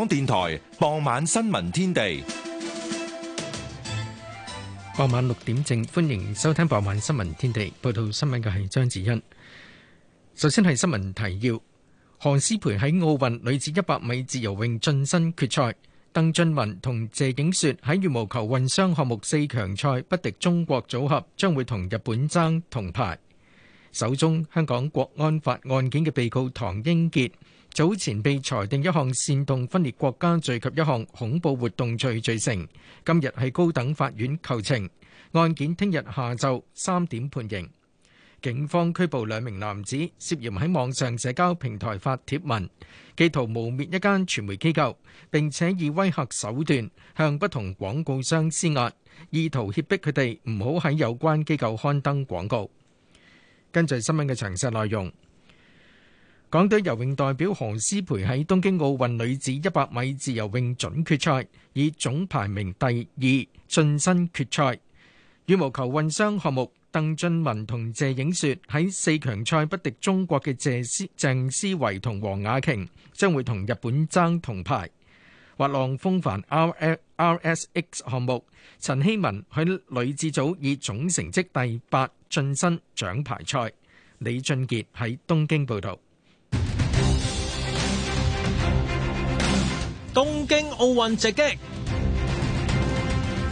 港電台傍晚新聞天地，傍晚六點正，歡迎收聽傍晚新聞天地。報道新聞嘅係張子欣。首先係新聞提要：何詩蓓喺奧運女子一百米自由泳晉身決賽；鄧俊文同謝影雪喺羽毛球混雙項目四強賽不敵中國組合，將會同日本爭銅牌。首宗香港國安法案件嘅被告唐英傑。早前被裁定一項煽動分裂國家罪及一項恐怖活動罪罪成，今日係高等法院求情，案件聽日下晝三點判刑。警方拘捕兩名男子，涉嫌喺網上社交平台發帖文，企圖誣衊一間傳媒機構，並且以威嚇手段向不同廣告商施壓，意圖脅迫佢哋唔好喺有關機構刊登廣告。根據新聞嘅詳細內容。港隊游泳代表何詩蓓喺東京奧運女子一百米自由泳準決賽，以總排名第二晉身決賽。羽毛球混雙項目，鄧俊文同謝影雪喺四強賽不敵中國嘅謝思鄭思維同黃雅瓊，將會同日本爭銅牌。滑浪風帆 R S X 項目，陳晞文喺女子組以總成績第八晉身獎牌賽。李俊傑喺東京報道。東京奧運直擊，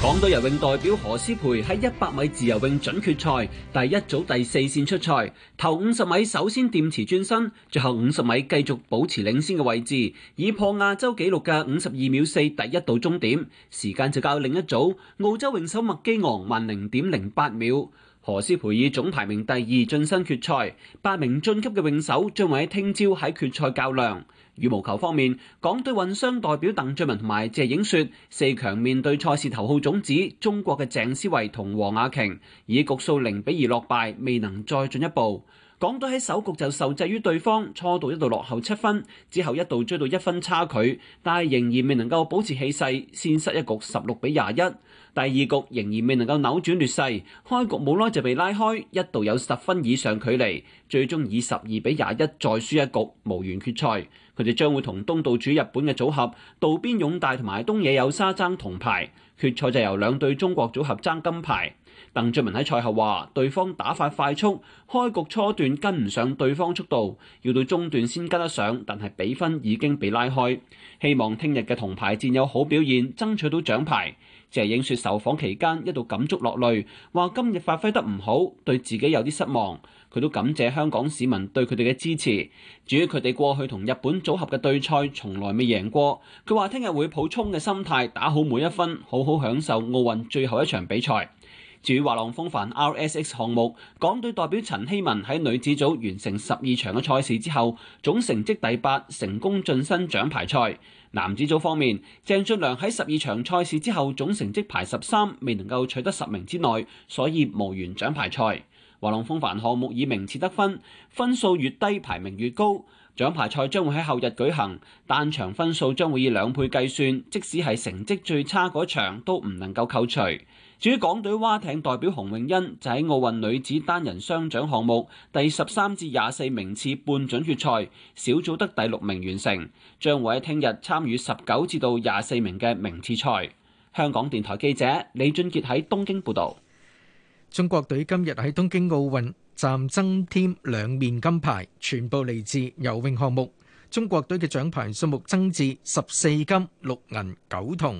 港隊游泳代表何詩蓓喺一百米自由泳準決賽第一組第四線出賽，頭五十米首先掂池轉身，最後五十米繼續保持領先嘅位置，以破亞洲紀錄嘅五十二秒四第一到終點，時間就較另一組澳洲泳手麥基昂慢零點零八秒。何詩蓓以總排名第二晉身決賽，八名晉級嘅泳手將會喺聽朝喺決賽較量。羽毛球方面，港隊混雙代表鄧俊文同埋謝影雪四強面對賽事頭號種子中國嘅鄭思維同黃雅瓊，以局數零比二落敗，未能再進一步。港隊喺首局就受制於對方，初度一度落後七分，之後一度追到一分差距，但係仍然未能夠保持氣勢，先失一局，十六比廿一。第二局仍然未能夠扭轉劣勢，開局冇耐就被拉開，一度有十分以上距離，最終以十二比廿一再輸一局，無緣決賽。佢哋將會同東道主日本嘅組合道邊勇大同埋東野有沙爭銅牌，決賽就由兩對中國組合爭金牌。鄧俊文喺賽後話：對方打法快速，開局初段跟唔上對方速度，要到中段先跟得上，但係比分已經被拉開。希望聽日嘅銅牌戰有好表現，爭取到獎牌。謝影雪受訪期間一度感觸落淚，話今日發揮得唔好，對自己有啲失望。佢都感謝香港市民對佢哋嘅支持。至於佢哋過去同日本組合嘅對賽，從來未贏過。佢話聽日會抱充嘅心態，打好每一分，好好享受奧運最後一場比賽。至於滑浪風帆 RSX 項目，港隊代表陳希文喺女子組完成十二場嘅賽事之後，總成績第八，成功晉身獎牌賽。男子組方面，鄭俊良喺十二場賽事之後，總成績排十三，未能夠取得十名之內，所以無緣獎牌賽。滑浪風帆項目以名次得分，分數越低排名越高。獎牌賽將會喺後日舉行，單場分數將會以兩倍計算，即使係成績最差嗰場都唔能夠扣除。至於港隊蛙艇代表洪永欣，就喺奧運女子單人雙槳項目第十三至廿四名次半準決賽小組得第六名完成，將會喺聽日參與十九至到廿四名嘅名次賽。香港電台記者李俊杰喺東京報道，中國隊今日喺東京奧運站增添兩面金牌，全部嚟自游泳項目。中國隊嘅獎牌數目增至十四金六銀九銅。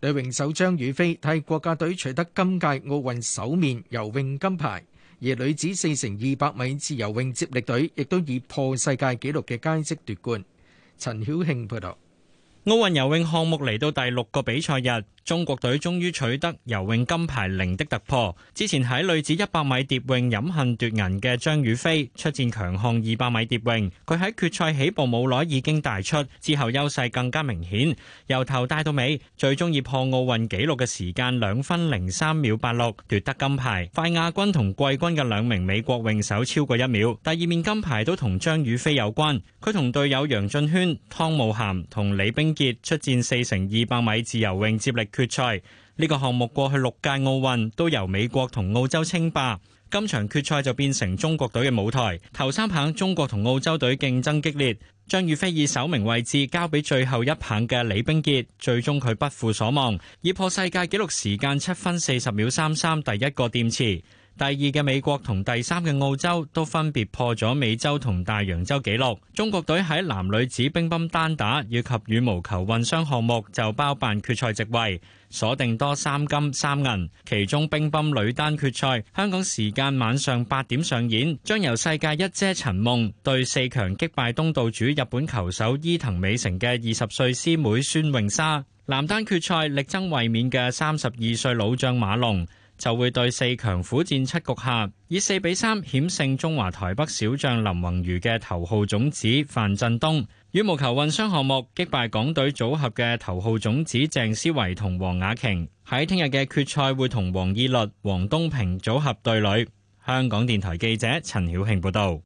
女泳手張雨霏替國家隊取得今屆奧運首面游泳金牌，而女子四乘二百米自由泳接力隊亦都以破世界紀錄嘅佳績奪冠。陳曉慶報導，奧運游泳項目嚟到第六個比賽日。中國隊終於取得游泳金牌零的突破。之前喺女子一百米蝶泳飲恨奪銀嘅張雨霏，出戰強項二百米蝶泳。佢喺決賽起步冇耐已經帶出，之後優勢更加明顯，由頭帶到尾，最終以破奧運紀錄嘅時間兩分零三秒八六奪得金牌。快亞軍同季軍嘅兩名美國泳手超過一秒。第二面金牌都同張雨霏有關。佢同隊友楊俊軒、湯慕涵同李冰潔出戰四乘二百米自由泳接力。決賽呢個項目過去六屆奧運都由美國同澳洲稱霸，今場決賽就變成中國隊嘅舞台。頭三棒中國同澳洲隊競爭激烈，張雨霏以首名位置交俾最後一棒嘅李冰潔，最終佢不負所望，以破世界紀錄時間七分四十秒三三第一個掂池。第二嘅美國同第三嘅澳洲都分別破咗美洲同大洋洲紀錄。中國隊喺男女子乒乓單打以及羽毛球混雙項目就包辦決賽席位，鎖定多三金三銀。其中乒乓女單決賽，香港時間晚上八點上演，將由世界一姐陳夢對四強擊敗東道主日本球手伊藤美誠嘅二十歲師妹孫穎莎。男單決賽力爭衛冕嘅三十二歲老將馬龍，就會對四強苦戰七局下，以四比三險勝中華台北小將林昀儒嘅頭號種子樊振東。羽毛球混雙項目擊敗港隊組合嘅頭號種子鄭思維同黃雅瓊，喺聽日嘅決賽會同王懿律、黃東萍組合對壘。香港電台記者陳曉慶報導。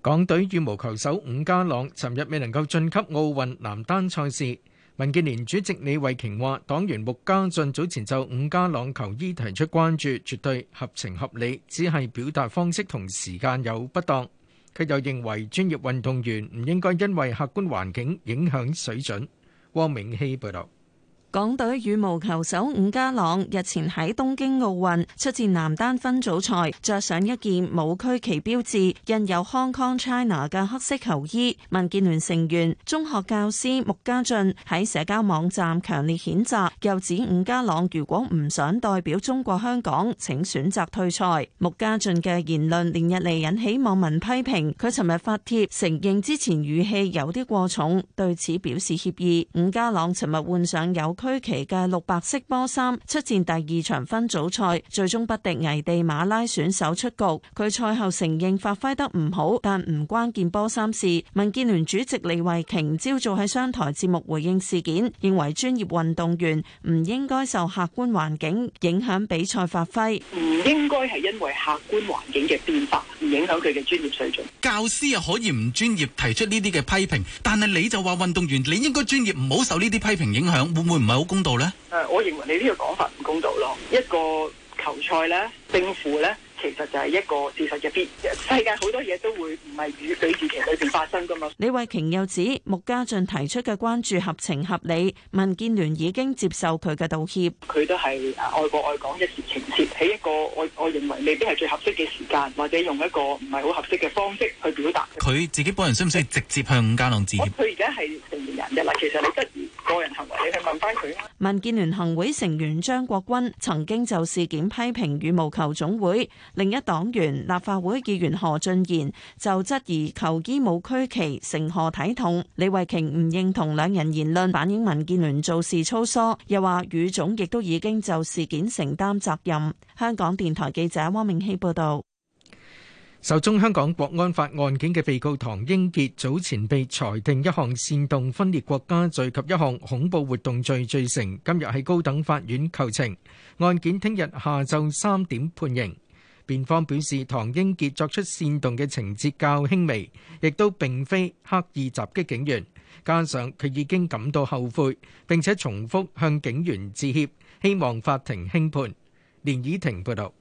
港隊羽毛球手伍家朗尋日未能夠晉級奧運男單賽事。民建聯主席李慧瓊話,黨員穆家俊早前就伍家朗球衣提出關注,絕對合情合理,只係表達方式同時間有不當。佢又認為專業運動員唔應該因為客觀環境影響水準,汪明希報道。港隊羽毛球手伍家朗日前喺東京奧運出戰男單分組賽，着上一件冇區旗標誌、印有 Hong Kong China 嘅黑色球衣。民建聯成員、中學教師穆家俊喺社交網站強烈譴責，又指伍家朗如果唔想代表中國香港，請選擇退賽。穆家俊嘅言論連日嚟引起網民批評，佢尋日發帖承認之前語氣有啲過重，對此表示歉意。伍家朗尋日換上有區旗嘅綠白色波衫出戰第二場分組賽，最終不敵危地馬拉選手出局。佢賽後承認發揮得唔好，但唔關件波衫事。民建聯主席李慧瓊朝早喺商台節目回應事件，認為專業運動員唔應該受客觀環境影響比賽發揮，唔應該係因為客觀環境嘅變化而影響佢嘅專業水準。教師啊可以唔專業提出呢啲嘅批評，但係你就話運動員你應該專業，唔好受呢啲批評影響，會唔會？唔係好公道呢？誒、啊，我認為你呢個講法唔公道咯。一個球賽咧勝負咧，其實就係一個事實嘅必。世界好多嘢，都會唔係如水自己咁先發生噶嘛。李慧瓊又指，穆家駿提出嘅關注合情合理，民建聯已經接受佢嘅道歉。佢都係愛國愛港一時情切，喺一個我我認為未必係最合適嘅時間，或者用一個唔係好合適嘅方式去表達。佢自己本人需唔需要直接向伍家朗致歉？佢而家係成年人嘅啦，其實你得。個人行為，你哋問翻佢。民建聯行會成員張國鈞曾經就事件批評羽毛球總會，另一黨員立法會議員何俊賢就質疑球衣冇區旗成何體統。李慧瓊唔認同兩人言論，反映民建聯做事粗疏，又話羽總亦都已經就事件承擔責任。香港電台記者汪明希報道。首宗香港國安法案件嘅被告唐英傑早前被裁定一項煽動分裂國家罪及一項恐怖活動罪罪成，今日喺高等法院求情，案件聽日下晝三點判刑。辯方表示，唐英傑作出煽動嘅情節較輕微，亦都並非刻意襲擊警員，加上佢已經感到後悔，並且重複向警員致歉，希望法庭輕判。連綺婷報道。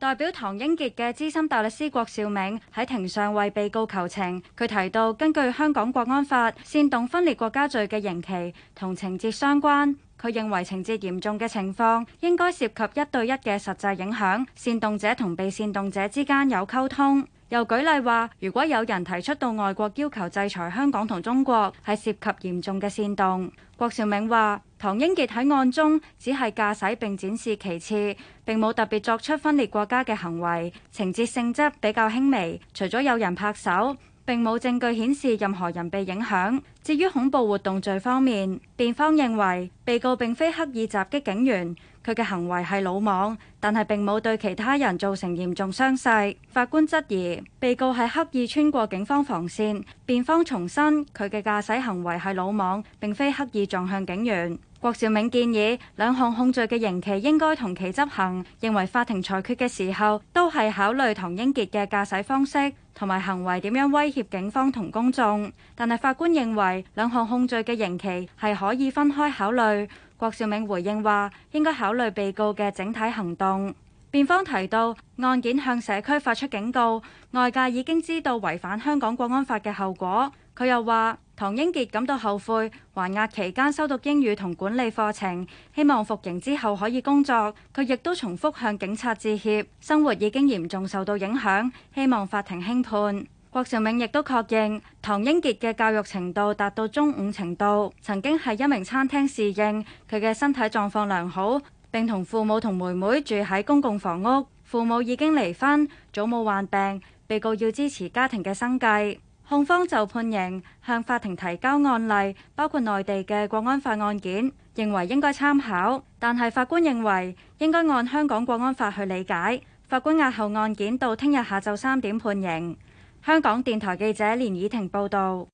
代表唐英傑嘅資深大律師郭兆銘喺庭上為被告求情。佢提到，根據香港國安法，煽動分裂國家罪嘅刑期同情節相關。佢認為情節嚴重嘅情況應該涉及一對一嘅實際影響，煽動者同被煽動者之間有溝通。又舉例話，如果有人提出到外國要求制裁香港同中國，係涉及嚴重嘅煽動。郭兆明話：唐英傑喺案中只係駕駛並展示旗幟，並冇特別作出分裂國家嘅行為，情節性質比較輕微。除咗有人拍手，並冇證據顯示任何人被影響。至於恐怖活動罪方面，辯方認為被告並非刻意襲擊警員。佢嘅行為係魯莽，但係並冇對其他人造成嚴重傷勢。法官質疑被告係刻意穿過警方防線。辯方重申佢嘅駕駛行為係魯莽，並非刻意撞向警員。郭兆銘建議兩項控罪嘅刑期應該同期執行，認為法庭裁決嘅時候都係考慮唐英傑嘅駕駛方式同埋行為點樣威脅警方同公眾，但係法官認為兩項控罪嘅刑期係可以分開考慮。郭兆銘回應話，應該考慮被告嘅整體行動。辯方提到案件向社區發出警告，外界已經知道違反香港國安法嘅後果。佢又話唐英傑感到後悔，還押期間修讀英語同管理課程，希望服刑之後可以工作。佢亦都重複向警察致歉，生活已經嚴重受到影響，希望法庭輕判。郭兆銘亦都確認唐英傑嘅教育程度達到中五程度，曾經係一名餐廳侍應，佢嘅身體狀況良好，並同父母同妹妹住喺公共房屋。父母已經離婚，祖母患病，被告要支持家庭嘅生計。控方就判刑向法庭提交案例，包括內地嘅國安法案件，認為應該參考，但係法官認為應該按香港國安法去理解。法官押後案件到聽日下晝三點判刑。香港電台記者連以婷報道，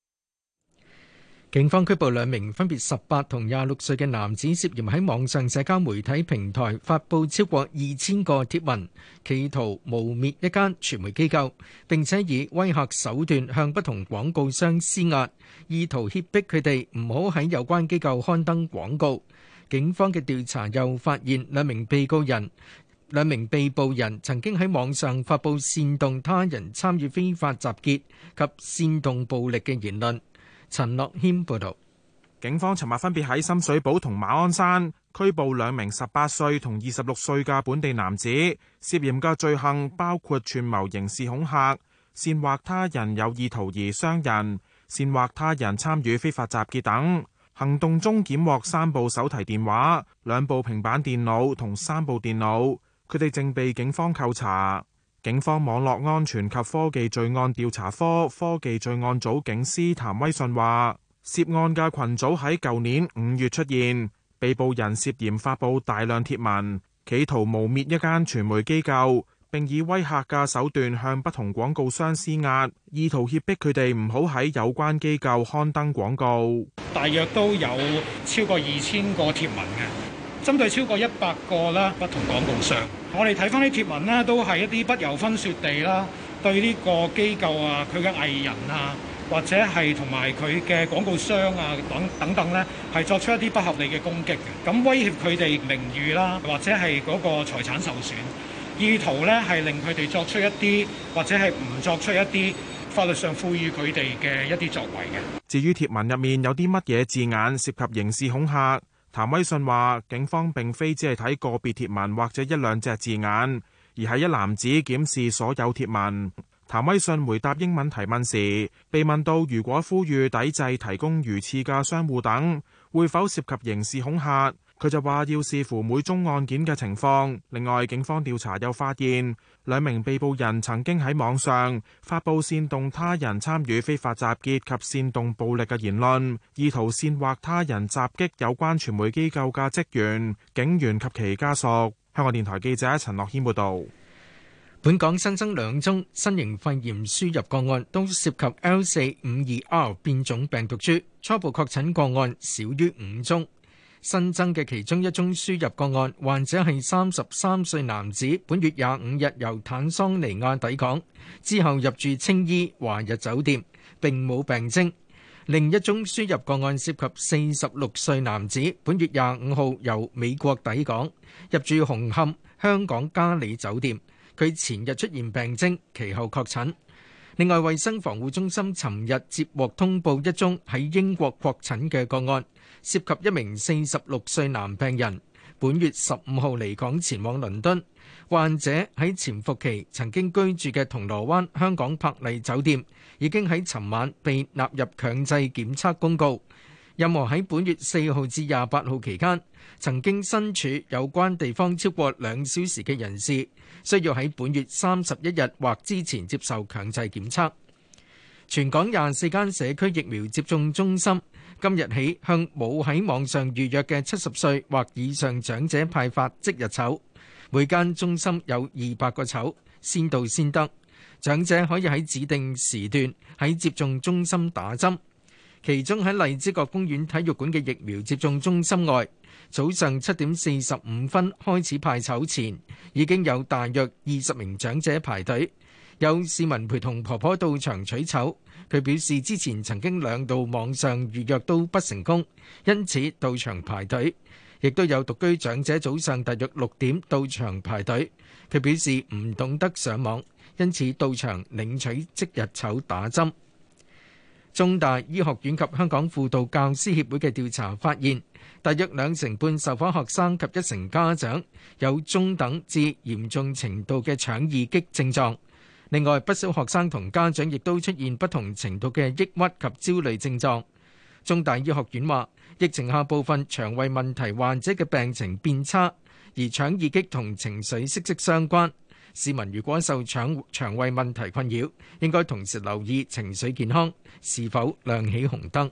警方拘捕兩名分別十八同廿六歲嘅男子，涉嫌喺網上社交媒體平台發布超過二千個貼文，企圖誣衊一間傳媒機構，並且以威嚇手段向不同廣告商施壓，意圖脅迫佢哋唔好喺有關機構刊登廣告。警方嘅調查又發現兩名被告人。兩名被捕人曾經喺網上發布煽動他人參與非法集結及煽動暴力嘅言論。陳樂謙報道，警方尋日分別喺深水埗同馬鞍山拘捕兩名十八歲同二十六歲嘅本地男子，涉嫌嘅罪行包括串謀刑事恐嚇、煽惑他人有意圖而傷人、煽惑他人參與非法集結等。行動中檢獲三部手提電話、兩部平板電腦同三部電腦。佢哋正被警方扣查。警方網絡安全及科技罪案調查科科技罪案組警司譚威信話，涉案嘅群組喺舊年五月出現，被捕人涉嫌發佈大量貼文，企圖誣衊一間傳媒機構，並以威嚇嘅手段向不同廣告商施壓，意圖脅迫佢哋唔好喺有關機構刊登廣告。大約都有超過二千個貼文嘅。針對超過一百個啦不同廣告商，我哋睇返啲貼文咧，都係一啲不由分説地啦，對呢個機構啊、佢嘅藝人啊，或者係同埋佢嘅廣告商啊等等等咧，係作出一啲不合理嘅攻擊嘅，咁威脅佢哋名譽啦，或者係嗰個財產受損，意圖咧係令佢哋作出一啲或者係唔作出一啲法律上賦予佢哋嘅一啲作為嘅。至於貼文入面有啲乜嘢字眼涉及刑事恐嚇？譚威信話，警方並非只係睇個別貼文或者一兩隻字眼，而係一男子檢視所有貼文。譚威信回答英文提問時，被問到如果呼籲抵制提供魚翅嘅商戶等，會否涉及刑事恐嚇？佢就話要視乎每宗案件嘅情況。另外，警方調查又發現，兩名被捕人曾經喺網上發布煽動他人參與非法集結及煽動暴力嘅言論，意圖煽惑他人襲擊有關傳媒機構嘅職員、警員及其家屬。香港電台記者陳樂謙報道。本港新增兩宗新型肺炎輸入個案，都涉及 L 四五二 R 變種病毒株，初步確診個案少於五宗。新增嘅其中一宗輸入個案，患者係三十三歲男子，本月廿五日由坦桑尼亞抵港，之後入住青衣華日酒店，並冇病徵。另一宗輸入個案涉及四十六歲男子，本月廿五號由美國抵港，入住紅磡香港嘉里酒店，佢前日出現病徵，其後確診。另外，衛生防護中心尋日接獲通報一宗喺英國確診嘅個案，涉及一名46歲男病人，本月15號離港前往倫敦。患者喺潛伏期曾經居住嘅銅鑼灣香港柏麗酒店，已經喺尋晚被納入強制檢測公告。任何喺本月4號至28號期間，曾經身處有關地方超過兩小時嘅人士，需要喺本月31日或之前接受強制檢測。全港24間社區疫苗接種中心，今日起向冇喺網上預約嘅70歲或以上長者派發即日籌。每間中心有200個籌，先到先得。長者可以喺指定時段，喺接種中心打針。其中喺荔枝角公園體育館嘅疫苗接種中心外，早上七點四十五分開始派籌前，已經有大約二十名長者排隊。有市民陪同婆婆到場取籌，佢表示之前曾經兩度網上預約都不成功，因此到場排隊。亦都有獨居長者早上大約六點到場排隊，佢表示唔懂得上網，因此到場領取即日籌打針。中大醫學院及香港輔導教師協會嘅調查發現，大約兩成半受訪學生及一成家長有中等至嚴重程度嘅腸易激症狀。另外，不少學生同家長亦都出現不同程度嘅抑鬱及焦慮症狀。中大醫學院話，疫情下部分腸胃問題患者嘅病情變差，而腸易激同情緒息息相關。市民如果受腸腸胃問題困擾，應該同時留意情緒健康，是否亮起紅燈。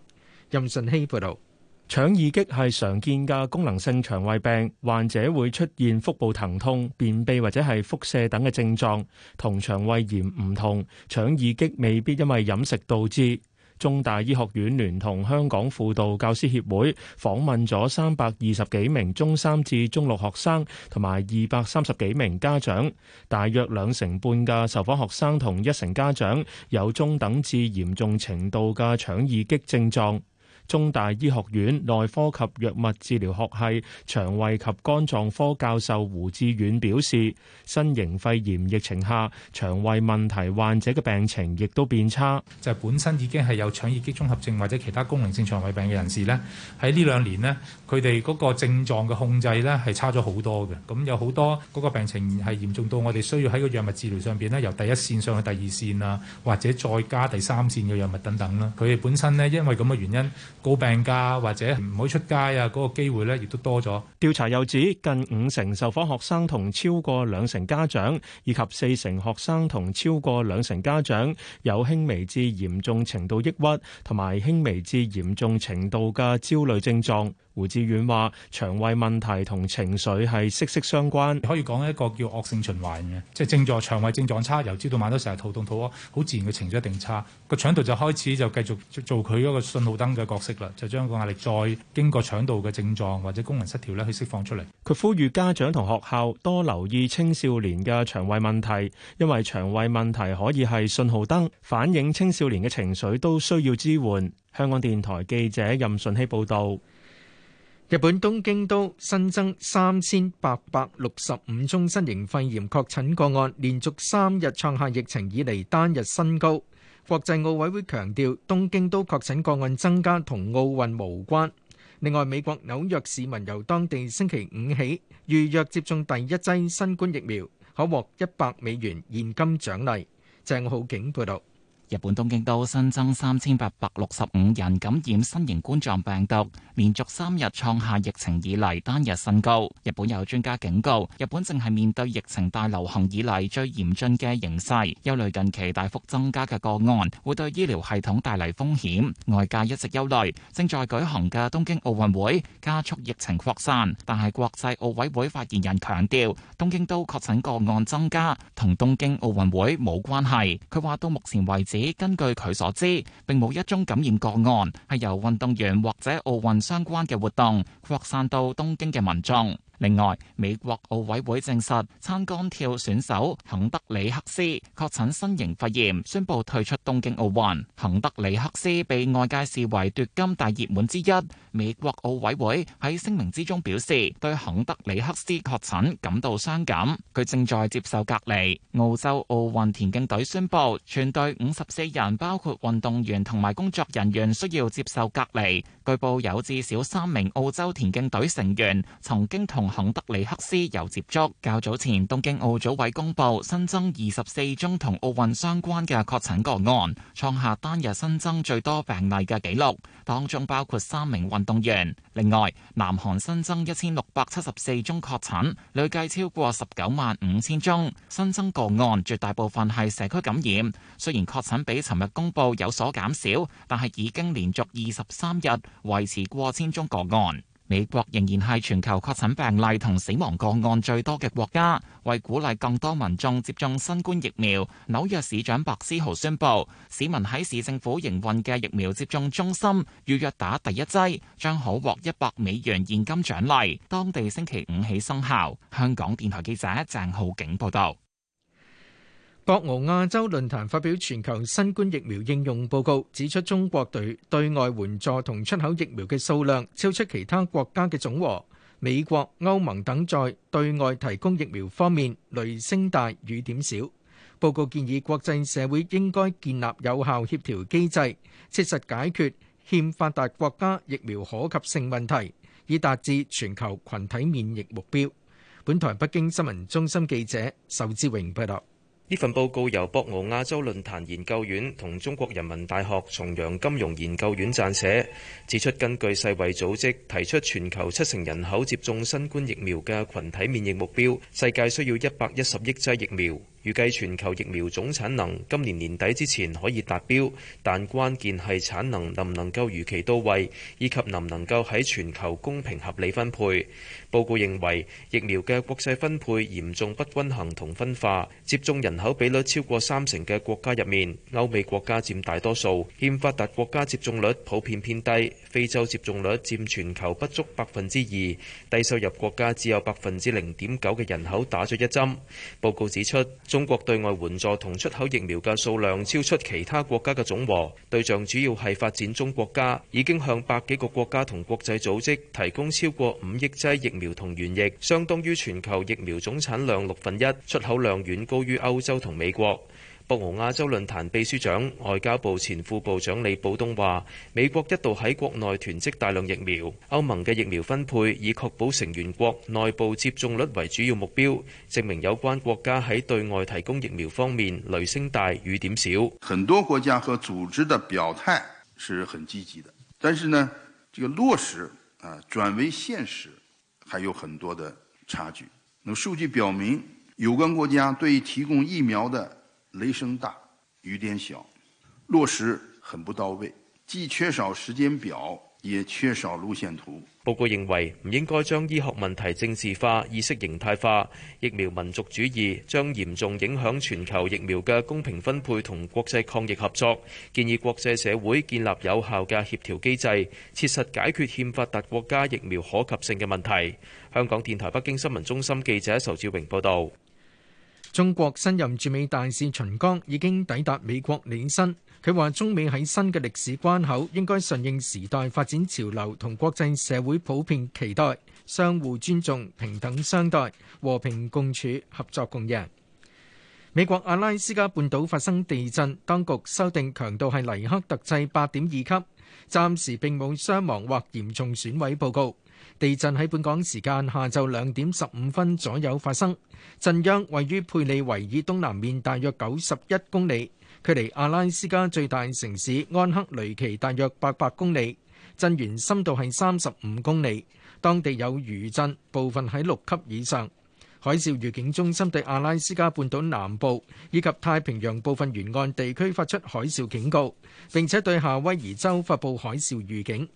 任順希報導。腸易激係常見嘅功能性腸胃病，患者會出現腹部疼痛、便秘或者係腹瀉等嘅症狀，同腸胃炎唔同。腸易激未必因為飲食導致。中大醫學院聯同香港輔導教師協會訪問咗三百二十幾名中三至中六學生同埋二百三十幾名家長，大約兩成半嘅受訪學生同一成家長有中等至嚴重程度嘅腸易激症狀。中大醫學院內科及藥物治療學系腸胃及肝臟科教授胡志遠表示，新型肺炎疫情下，腸胃問題患者嘅病情亦都變差。就係本身已經係有腸易激綜合症或者其他功能性腸胃病嘅人士呢，喺呢兩年呢，佢哋嗰個症狀嘅控制呢係差咗好多嘅。咁有好多嗰個病情係嚴重到我哋需要喺個藥物治療上邊呢，由第一線上去第二線啊，或者再加第三線嘅藥物等等啦。佢哋本身呢，因為咁嘅原因。告病假或者唔好出街啊，嗰個機會咧亦都多咗。調查又指近五成受訪學生同超過兩成家長以及四成學生同超過兩成家長有輕微至嚴重程度抑鬱同埋輕微至嚴重程度嘅焦慮症狀。胡志遠話：腸胃問題同情緒係息息相關，可以講一個叫惡性循環嘅，即係症狀腸胃症狀差，由朝到晚都成日肚痛肚屙，好自然嘅情緒一定差。個腸道就開始就繼續做佢一個信號燈嘅角色啦，就將個壓力再經過腸道嘅症狀或者功能失調咧，去釋放出嚟。佢呼籲家長同學校多留意青少年嘅腸胃問題，因為腸胃問題可以係信號燈反映青少年嘅情緒，都需要支援。香港電台記者任順希報道。日本東京都新增三千八百六十五宗新型肺炎確診個案，連續三日創下疫情以嚟單日新高。國際奧委會強調，東京都確診個案增加同奧運無關。另外，美國紐約市民由當地星期五起預約接種第一劑新冠疫苗，可獲一百美元現金獎勵。鄭浩景報道。日本東京都新增三千八百六十五人感染新型冠狀病毒，連續三日創下疫情以嚟單日新高。日本有專家警告，日本正係面對疫情大流行以嚟最嚴峻嘅形勢，憂慮近期大幅增加嘅個案會對醫療系統帶嚟風險。外界一直憂慮正在舉行嘅東京奧運會加速疫情擴散，但係國際奧委會發言人強調，東京都確診個案增加同東京奧運會冇關係。佢話到目前為止。根據佢所知，並冇一宗感染個案係由運動員或者奧運相關嘅活動擴散到東京嘅民眾。另外，美國奧委會證實撐桿跳選手肯德里克斯確診新型肺炎，宣布退出東京奧運。肯德里克斯被外界視為奪金大熱門之一。美國奧委會喺聲明之中表示，對肯德里克斯確診感到傷感，佢正在接受隔離。澳洲奧運田徑隊宣布，全隊五十四人，包括運動員同埋工作人員需要接受隔離，據報有至少三名澳洲田徑隊成員曾經同肯德里克斯有接觸。較早前，東京奧組委公布新增二十四宗同奧運相關嘅確診個案，創下單日新增最多病例嘅紀錄，當中包括三名運動員。另外，南韓新增一千六百七十四宗確診，累計超過十九萬五千宗。新增個案絕大部分係社區感染。雖然確診比尋日公布有所減少，但係已經連續二十三日維持過千宗個案。美國仍然係全球確診病例同死亡個案最多嘅國家。為鼓勵更多民眾接種新冠疫苗，紐約市長白思豪宣布，市民喺市政府營運嘅疫苗接種中心預約打第一劑，將可獲一百美元現金獎勵。當地星期五起生效。香港電台記者鄭浩景報道。博鰲亞洲論壇發表全球新冠疫苗應用報告，指出中國對對外援助同出口疫苗嘅數量超出其他國家嘅總和。美國、歐盟等在對外提供疫苗方面雷聲大雨點小。報告建議國際社會應該建立有效協調機制，切實解決欠發達國家疫苗可及性問題，以達至全球群體免疫目標。本台北京新聞中心記者仇志榮報道。呢份報告由博鰲亞洲論壇研究院同中國人民大學重陽金融研究院撰寫，指出根據世衛組織提出全球七成人口接種新冠疫苗嘅群體免疫目標，世界需要一百一十億劑疫苗。預計全球疫苗總產能今年年底之前可以達標，但關鍵係產能能唔能夠如期到位，以及能唔能夠喺全球公平合理分配。報告認為，疫苗嘅國際分配嚴重不均衡同分化，接種人口比率超過三成嘅國家入面，歐美國家佔大多數，欠發達國家接種率普遍偏低，非洲接種率佔全球不足百分之二，低收入國家只有百分之零點九嘅人口打咗一針。報告指出，中國對外援助同出口疫苗嘅數量超出其他國家嘅總和，對象主要係發展中國家，已經向百幾個國家同國際組織提供超過五億劑疫苗同原液，相當於全球疫苗總產量六分一，出口量遠高於歐洲同美國。博鰲亞洲論壇秘書長、外交部前副部長李寶東話：美國一度喺國內囤積大量疫苗，歐盟嘅疫苗分配以確保成員國內部接種率為主要目標，證明有關國家喺對外提供疫苗方面雷聲大雨點小。很多國家和組織的表態是很積極的，但是呢，這個落實啊轉為現實還有很多的差距。那數據表明，有關國家對提供疫苗的雷聲大雨點小，落實很不到位，既缺少時間表，也缺少路線圖。報告認為唔應該將醫學問題政治化、意識形態化，疫苗民族主義將嚴重影響全球疫苗嘅公平分配同國際抗疫合作。建議國際社會建立有效嘅協調機制，切實解決欠發達國家疫苗可及性嘅問題。香港電台北京新聞中心記者仇志榮報道。中國新任駐美大使秦剛已經抵達美國履新。佢話中美喺新嘅歷史關口，應該順應時代發展潮流同國際社會普遍期待，相互尊重、平等相待、和平共處、合作共贏。美國阿拉斯加半島發生地震，當局修訂強度係黎克特制八點二級，暫時並冇傷亡或嚴重損毀報告。地震喺本港時間下晝兩點十五分左右發生，震央位於佩里維爾東南面大約九十一公里，距離阿拉斯加最大城市安克雷奇大約八百公里，震源深度係三十五公里。當地有餘震，部分喺六級以上。海嘯預警中心對阿拉斯加半島南部以及太平洋部分沿岸地區發出海嘯警告，並且對夏威夷州發布海嘯預警。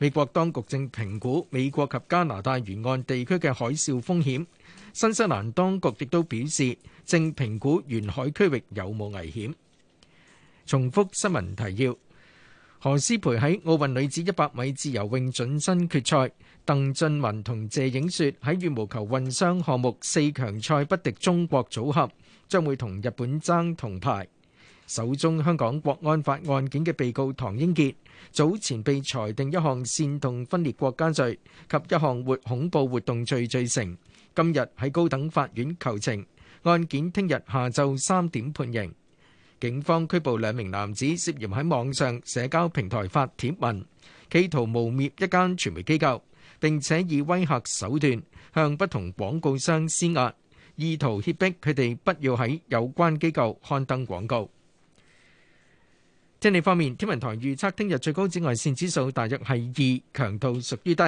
美國當局正評估美國及加拿大沿岸地區嘅海嘯風險，新西蘭當局亦都表示正評估沿海區域有冇危險。重複新聞提要：何詩蓓喺奧運女子一百米自由泳準決賽，鄧俊文同謝影雪喺羽毛球混雙項目四強賽不敵中國組合，將會同日本爭銅牌。首宗香港國安法案件嘅被告唐英傑早前被裁定一項煽動分裂國家罪及一項活恐怖活動罪罪成，今日喺高等法院求情，案件聽日下晝三點判刑。警方拘捕兩名男子，涉嫌喺網上社交平台發帖文，企圖誣衊一間傳媒機構，並且以威嚇手段向不同廣告商施壓，意圖脅迫佢哋不要喺有關機構刊登廣告。天氣方面，天文台預測聽日最高紫外線指數大約係二，強度屬於低。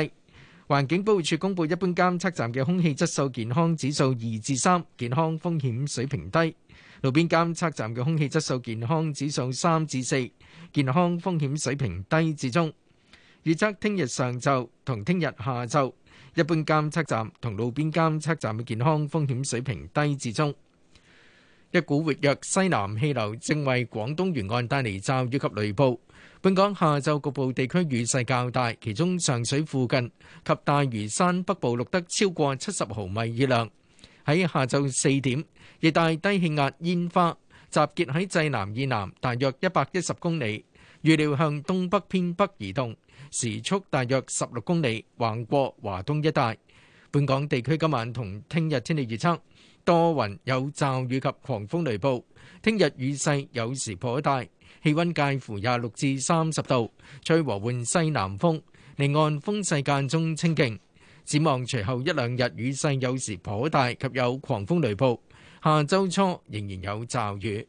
環境保護署公布一般監測站嘅空氣質素健康指數二至三，健康風險水平低；路邊監測站嘅空氣質素健康指數三至四，健康風險水平低至中。預測聽日上晝同聽日下晝，一般監測站同路邊監測站嘅健康風險水平低至中。一股活躍西南氣流正為廣東沿岸帶嚟驟雨及雷暴，本港下晝局部地區雨勢較大，其中上水附近及大嶼山北部錄得超過七十毫米雨量。喺下晝四點，熱帶低氣壓煙花集結喺濟南以南，大約一百一十公里，預料向東北偏北移動，時速大約十六公里，橫過華東一帶。本港地區今晚同聽日天氣預測。多雲，有驟雨及狂風雷暴。聽日雨勢有時頗大，氣溫介乎廿六至三十度，吹和緩西南風，離岸風勢間中清勁。展望隨後一兩日雨勢有時頗大及有狂風雷暴，下周初仍然有驟雨。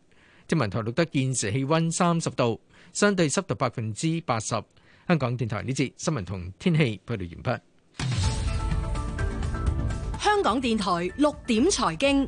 天文台錄得現時氣溫三十度，相對濕度百分之八十。香港電台呢節新聞同天氣報道完畢。香港電台六點財經，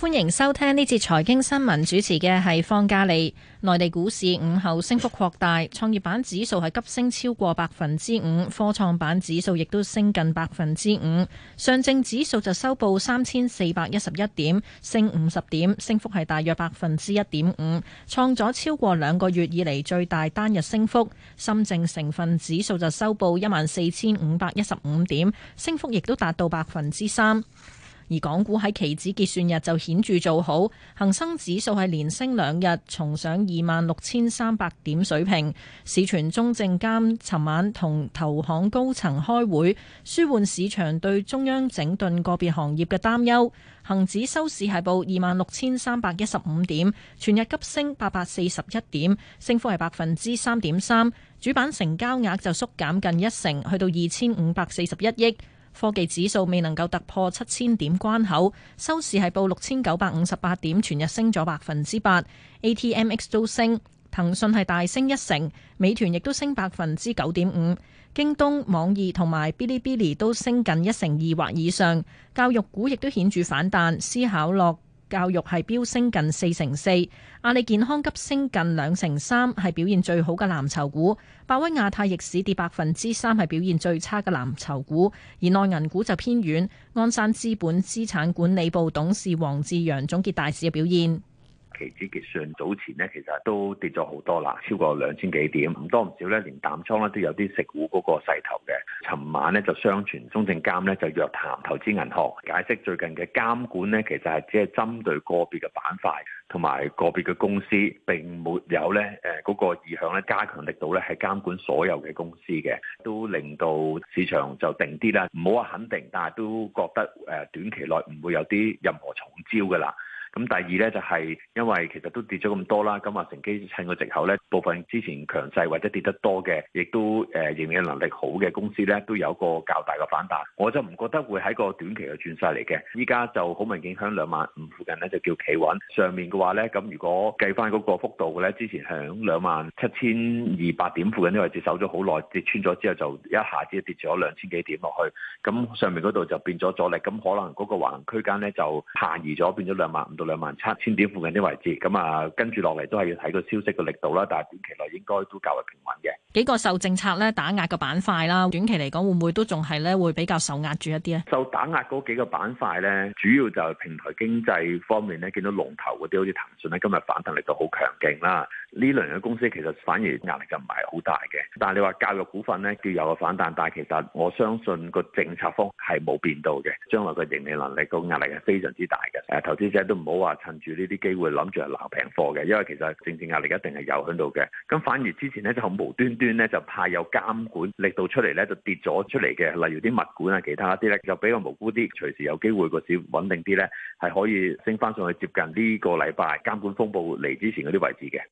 歡迎收聽呢節財經新聞，主持嘅係方嘉利。內地股市午後升幅擴大，創業板指數係急升超過百分之五，科創板指數亦都升近百分之五。上證指數就收報三千四百一十一點，升五十點，升幅係大約百分之一點五，創咗超過兩個月以嚟最大單日升幅。深證成分指數就收報一萬四千五百一十五點，升幅亦都達到百分之三。而港股喺期指結算日就顯著做好，恒生指數係連升兩日，重上二萬六千三百點水平。市傳中證監尋晚同投行高層開會，舒緩市場對中央整頓個別行業嘅擔憂。恒指收市係報二萬六千三百一十五點，全日急升八百四十一點，升幅係百分之三點三。主板成交額就縮減近一成，去到二千五百四十一億。科技指數未能夠突破七千點關口，收市係報六千九百五十八點，全日升咗百分之八。ATMX 都升，騰訊係大升一成，美團亦都升百分之九點五，京東、網易同埋 Bilibili 都升近一成二或以上。教育股亦都顯著反彈，思考樂教育係飆升近四成四，阿里健康急升近兩成三，係表現最好嘅藍籌股。百威亞太逆市跌百分之三，係表現最差嘅藍籌股。而內銀股就偏軟。鞍山資本資產管理部董事黃志揚總結大市嘅表現。期指結算早前呢，其實都跌咗好多啦，超過兩千幾點。唔多唔少呢，連淡倉呢都有啲食糊嗰個勢頭嘅。尋晚呢，就相傳中證監呢，就約談投資銀行，解釋最近嘅監管呢，其實係只係針對個別嘅板塊同埋個別嘅公司，並沒有呢誒嗰、那個意向呢，加強力度呢，係監管所有嘅公司嘅，都令到市場就定啲啦，唔好話肯定，但係都覺得誒短期內唔會有啲任何重招噶啦。咁第二咧就係因為其實都跌咗咁多啦，咁啊乘機趁個藉口咧，部分之前強勢或者跌得多嘅，亦都誒盈利能力好嘅公司咧，都有個較大嘅反彈。我就唔覺得會喺個短期嘅轉勢嚟嘅。依家就好明顯響兩萬五附近咧，就叫企穩。上面嘅話咧，咁如果計翻嗰個幅度嘅咧，之前響兩萬七千二百點附近呢位置守咗好耐，跌穿咗之後就一下子跌咗兩千幾點落去。咁上面嗰度就變咗阻力，咁可能嗰個橫行區間咧就下移咗，變咗兩萬五。兩萬七千點附近啲位置，咁啊跟住落嚟都係要睇個消息嘅力度啦，但係短期內應該都較為平穩嘅。幾個受政策咧打壓嘅板塊啦，短期嚟講會唔會都仲係咧會比較受壓住一啲咧？受打壓嗰幾個板塊咧，主要就係平台經濟方面咧，見到龍頭嗰啲好似騰訊咧，今日反彈力度好強勁啦。呢兩樣公司其實反而壓力就唔係好大嘅，但係你話教育股份呢，叫有個反彈，但係其實我相信個政策方係冇變到嘅，將來個盈利能力個壓力係非常之大嘅。誒，投資者都唔好話趁住呢啲機會諗住鬧平貨嘅，因為其實政治壓力一定係有喺度嘅。咁反而之前呢，就無端端呢，就派有監管力度出嚟呢，就跌咗出嚟嘅，例如啲物管啊其他啲呢，就比較無辜啲，隨時有機會個市穩定啲呢，係可以升翻上去接近呢個禮拜監管風暴嚟之前嗰啲位置嘅。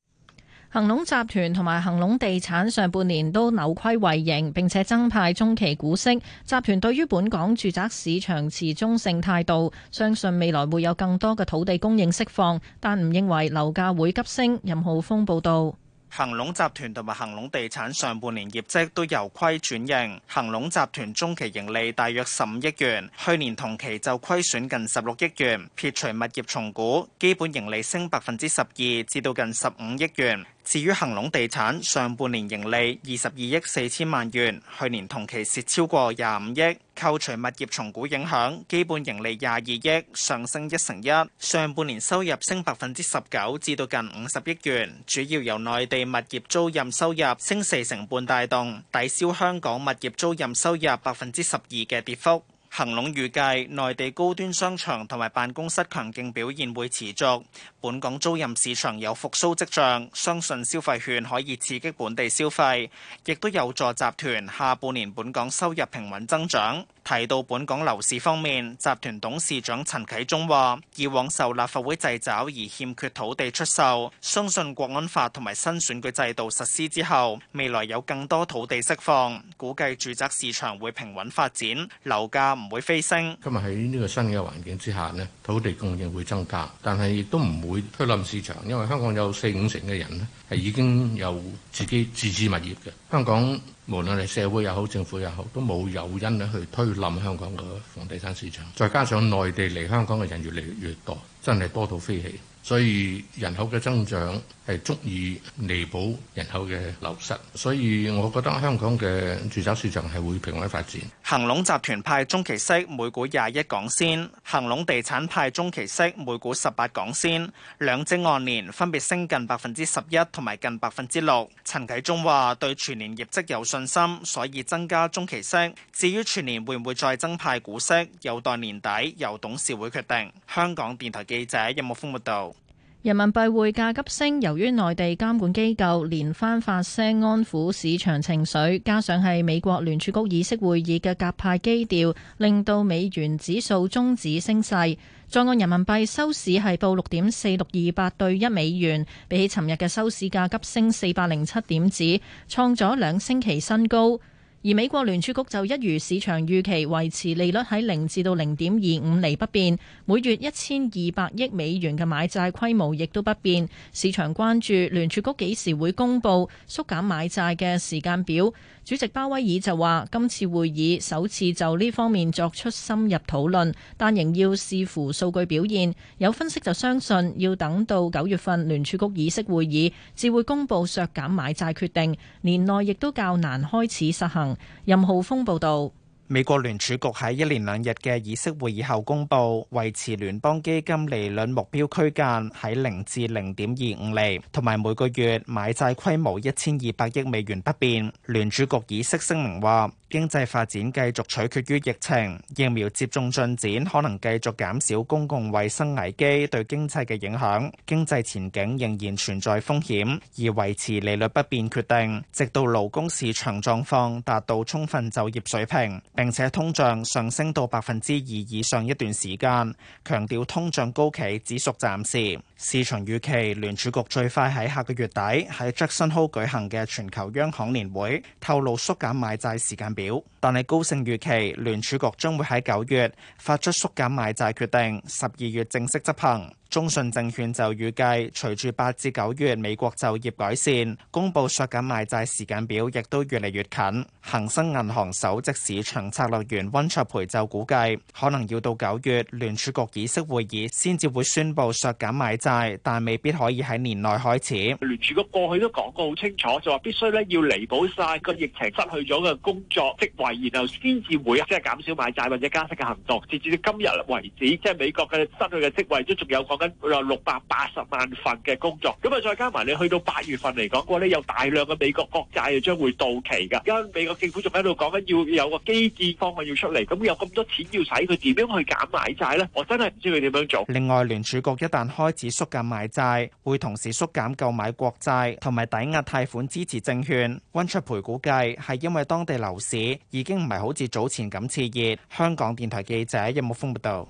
恒隆集團同埋恒隆地產上半年都扭虧為盈，並且增派中期股息。集團對於本港住宅市場持中性態度，相信未來會有更多嘅土地供應釋放，但唔認為樓價會急升。任浩峰報道，恒隆集團同埋恒隆地產上半年業績都由虧轉盈。恒隆集團中期盈利大約十五億元，去年同期就虧損近十六億元。撇除物業重估，基本盈利升百分之十二，至到近十五億元。至於恒隆地產上半年盈利二十二億四千萬元，去年同期蝕超過廿五億，扣除物業重估影響，基本盈利廿二億，上升一成一。上半年收入升百分之十九，至到近五十億元，主要由內地物業租賃收入升四成半帶動，抵消香港物業租賃收入百分之十二嘅跌幅。恒隆預計內地高端商場同埋辦公室強勁表現會持續，本港租賃市場有復甦跡象，相信消費券可以刺激本地消費，亦都有助集團下半年本港收入平穩增長。提到本港樓市方面，集團董事長陳啟宗話以往受立法會掣肘而欠缺土地出售，相信國安法同埋新選舉制度實施之後，未來有更多土地釋放，估計住宅市場會平穩發展，樓價唔會飛升。今日喺呢個新嘅環境之下呢，土地供應會增加，但係亦都唔會推冧市場，因為香港有四五成嘅人呢，係已經有自己自置物業嘅。香港無論係社會也好，政府也好，都冇有原因去推冧香港嘅房地產市場。再加上內地嚟香港嘅人越嚟越多，真係多到飛起。所以人口嘅增長係足以彌補人口嘅流失，所以我覺得香港嘅住宅市場係會平穩發展。恒隆集團派中期息每股廿一港仙，恒隆地產派中期息每股十八港仙，兩隻按年分別升近百分之十一同埋近百分之六。陳啟宗話對全年業績有信心，所以增加中期息。至於全年會唔會再增派股息，有待年底由董事會決定。香港電台記者任木風報道。人民幣匯價急升，由於內地監管機構連番發聲安撫市場情緒，加上係美國聯儲局議息會議嘅鴿派基調，令到美元指數終止升勢。在岸人民幣收市係報六點四六二八對一美元，比起尋日嘅收市價急升四百零七點指，創咗兩星期新高。而美國聯儲局就一如市場預期，維持利率喺零至到零點二五厘不變，每月一千二百億美元嘅買債規模亦都不變。市場關注聯儲局幾時會公布縮減買債嘅時間表。主席鮑威爾就話：今次會議首次就呢方面作出深入討論，但仍要視乎數據表現。有分析就相信，要等到九月份聯儲局議息會議，至會公佈削減買債決定。年內亦都較難開始實行。任浩峰報導。美國聯儲局喺一連兩日嘅議息會議後公佈，維持聯邦基金利率目標區間喺零至零點二五厘，同埋每個月買債規模一千二百億美元不變。聯儲局議息聲明話，經濟發展繼續取決於疫情，疫苗接種進展可能繼續減少公共衛生危機對經濟嘅影響。經濟前景仍然存在風險，而維持利率不變決定，直到勞工市場狀況達到充分就業水平。並且通脹上升到百分之二以上一段時間，強調通脹高企只屬暫時。市場預期聯儲局最快喺下個月底喺 Jackson Hole 舉行嘅全球央行年會透露縮減買債時間表，但係高盛預期聯儲局將會喺九月發出縮減買債決定，十二月正式執行。中信證券就預計，隨住八至九月美國就業改善，公布削減買債時間表，亦都越嚟越近。恒生銀行首席市場策略員溫卓培就估計，可能要到九月聯儲局議息會議先至會宣布削減買債，但未必可以喺年內開始。聯儲局過去都講過好清楚，就話必須咧要彌補晒個疫情失去咗嘅工作職位，然後先至會即係、就是、減少買債或者加息嘅行動。截至今日為止，即、就、係、是、美國嘅失去嘅職位都仲有個。嗰六百八十萬份嘅工作，咁啊，再加埋你去到八月份嚟講過呢，有大量嘅美國國債啊將會到期㗎。因美國政府仲喺度講緊要有個基建方案要出嚟，咁有咁多錢要使，佢點樣去減買債呢？我真係唔知佢點樣做。另外，聯儲局一旦開始縮減買債，會同時縮減購買國債同埋抵押貸款支持證券。溫卓培估計，係因為當地樓市已經唔係好似早前咁熾熱。香港電台記者任木峰報道。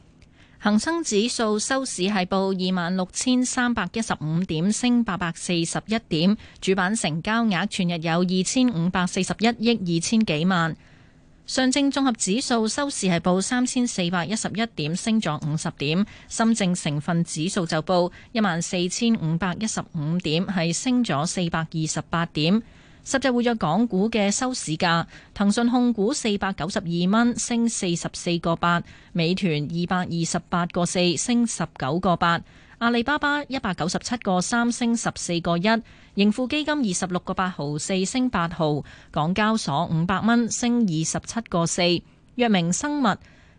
恒生指數收市係報二萬六千三百一十五點，升八百四十一點。主板成交額全日有二千五百四十一億二千幾萬。上證綜合指數收市係報三千四百一十一點，升咗五十點。深證成分指數就報一萬四千五百一十五點，係升咗四百二十八點。十隻活躍港股嘅收市價，騰訊控股四百九十二蚊，升四十四個八；美團二百二十八個四，升十九個八；阿里巴巴一百九十七個三，升十四個一；盈富基金二十六個八毫四，升八毫；港交所五百蚊，升二十七個四；藥明生物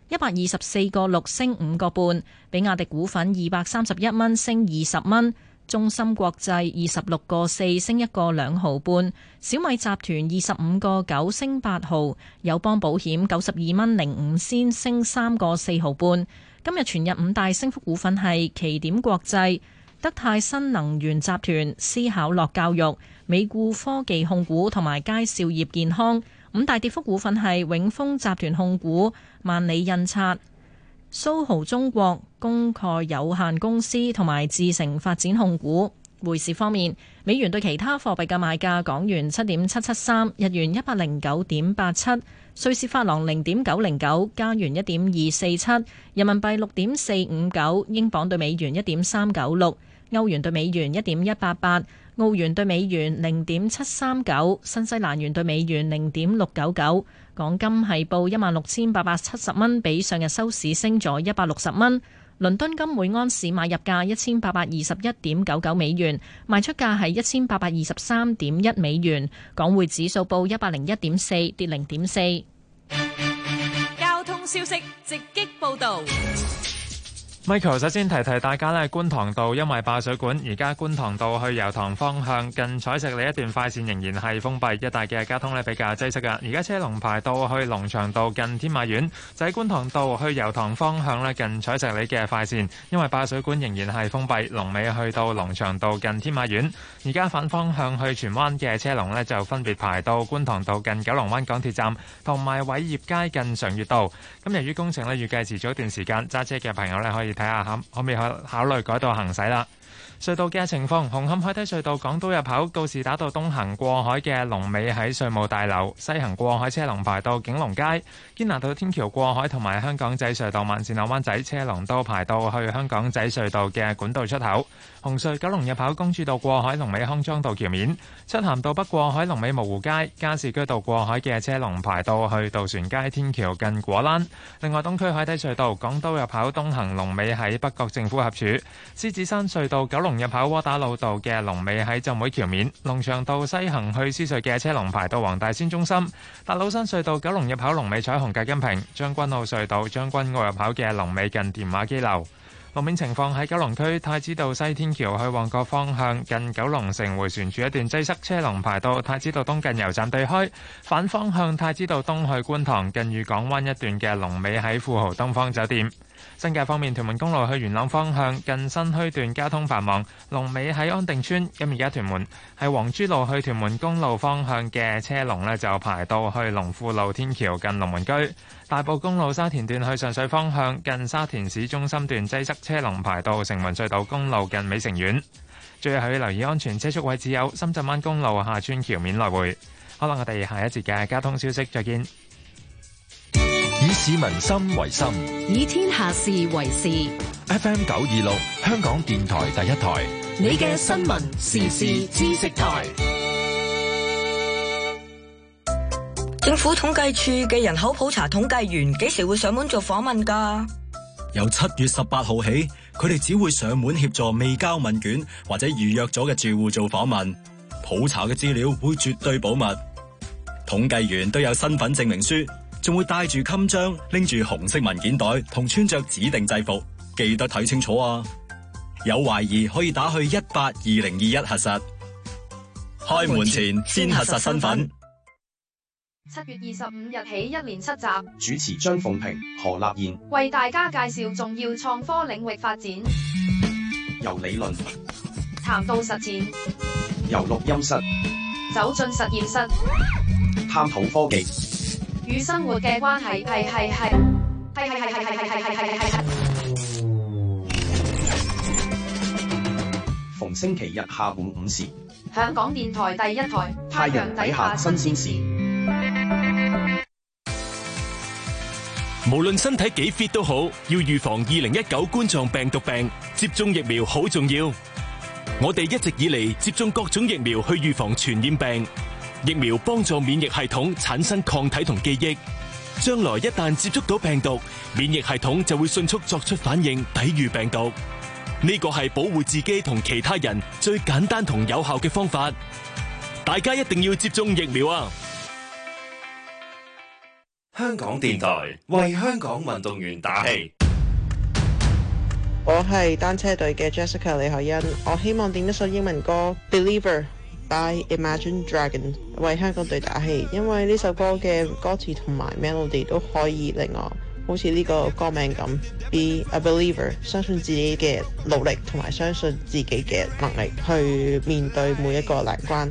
一百二十四個六，升五個半；比亞迪股份二百三十一蚊，升二十蚊。中芯國際二十六個四，升一個兩毫半小米集團二十五個九，升八毫友邦保險九十二蚊零五仙，升三個四毫半。今日全日五大升幅股份係奇點國際、德泰新能源集團、思考樂教育、美固科技控股同埋佳兆業健康。五大跌幅股份係永豐集團控股、萬里印刷。SOHO 中國、公蓋有限公司同埋自成發展控股。匯市方面，美元對其他貨幣嘅賣價：港元七點七七三，日元一百零九點八七，瑞士法郎零點九零九，加元一點二四七，人民幣六點四五九，英鎊對美元一點三九六，歐元對美元一點一八八。澳元兌美元零點七三九，新西蘭元兌美元零點六九九，港金係報一萬六千八百七十蚊，比上日收市升咗一百六十蚊。倫敦金每盎司買入價一千八百二十一點九九美元，賣出價係一千八百二十三點一美元。港匯指數報一百零一點四，跌零點四。交通消息直擊報道。Michael 首先提提大家咧，觀塘道因為爆水管，而家觀塘道去油塘方向近彩石里一段快綫仍然係封閉，一帶嘅交通咧比較擠塞噶。而家車龍排到去龍翔道近天馬苑，就喺觀塘道去油塘方向咧近彩石里嘅快綫，因為爆水管仍然係封閉，龍尾去到龍翔道近天馬苑。而家反方向去荃灣嘅車龍咧，就分別排到觀塘道近九龍灣港鐵站同埋偉業街近常悅道。咁由於工程咧預計遲咗一段時間，揸車嘅朋友咧可以。睇下可唔可以考慮改道行駛啦。隧道嘅情況，紅磡海底隧道港島入口，告士打道東行過海嘅龍尾喺稅務大樓；西行過海車龍排到景隆街，堅拿道天橋過海同埋香港仔隧道慢線落灣仔，車龍都排到去香港仔隧道嘅管道出口。紅隧九龍入口，公主道過海龍尾康莊道橋面，漆咸道北過海龍尾蕪湖街，加士居道過海嘅車龍排到去渡船街天橋近果欄。另外，東區海底隧道港島入口東行龍尾喺北角政府合署，獅子山隧道九龍入口窩打老道嘅龍尾喺浸會橋面，龍翔道西行去獅隧嘅車龍排到黃大仙中心，大老山隧道九龍入口龍尾彩虹隔音屏，將軍澳隧道將軍澳入口嘅龍尾近電話機樓。路面情況喺九龍區太子道西天橋去旺角方向，近九龍城迴旋處一段擠塞，車龍排到太子道東近油站對開。反方向太子道東去觀塘，近裕港灣一段嘅龍尾喺富豪東方酒店。新界方面，屯門公路去元朗方向近新墟段交通繁忙，龍尾喺安定村；咁而家屯門係黃珠路去屯門公路方向嘅車龍呢，就排到去龍富路天橋近龍門居。大埔公路沙田段去上水方向近沙田市中心段擠塞，車龍排到城門隧道公路近美城苑。最後要留意安全車速位置有深圳灣公路下村橋面來回。好啦，我哋下一節嘅交通消息，再見。以民心為心，以天下事為事。FM 九二六，香港電台第一台，你嘅新聞時事知識台。政府統計處嘅人口普查統計員幾時會上門做訪問噶？由七月十八號起，佢哋只會上門協助未交問卷或者預約咗嘅住戶做訪問。普查嘅資料會絕對保密，統計員都有身份證明書。仲會戴住襟章，拎住紅色文件袋，同穿着指定製服，記得睇清楚啊！有懷疑可以打去一八二零二一核實。開門前先核實身份。七月二十五日起，一連七集。主持張鳳平、何立賢為大家介紹重要創科領域發展，由理論談到實踐，由錄音室走進實驗室，探討科技。與生活嘅關係係係係係係係係係係係。逢星期日下午五時，香港電台第一台，太陽底下新鮮事。無論身體幾 fit 都好，要預防二零一九冠狀病毒病，接種疫苗好重要。我哋一直以嚟接種各種疫苗去預防傳染病。疫苗幫助免疫系統產生抗體同記憶，將來一旦接觸到病毒，免疫系統就會迅速作出反應抵御病毒。呢個係保護自己同其他人最簡單同有效嘅方法。大家一定要接種疫苗啊！香港電台為香港運動員打氣。我係單車隊嘅 Jessica 李海恩，我希望點一首英文歌《Believer》。I Imagine Dragons 為香港隊打氣，因為呢首歌嘅歌詞同埋 melody 都可以令我好似呢個歌名咁，be a believer，相信自己嘅努力同埋相信自己嘅能力去面對每一個難關。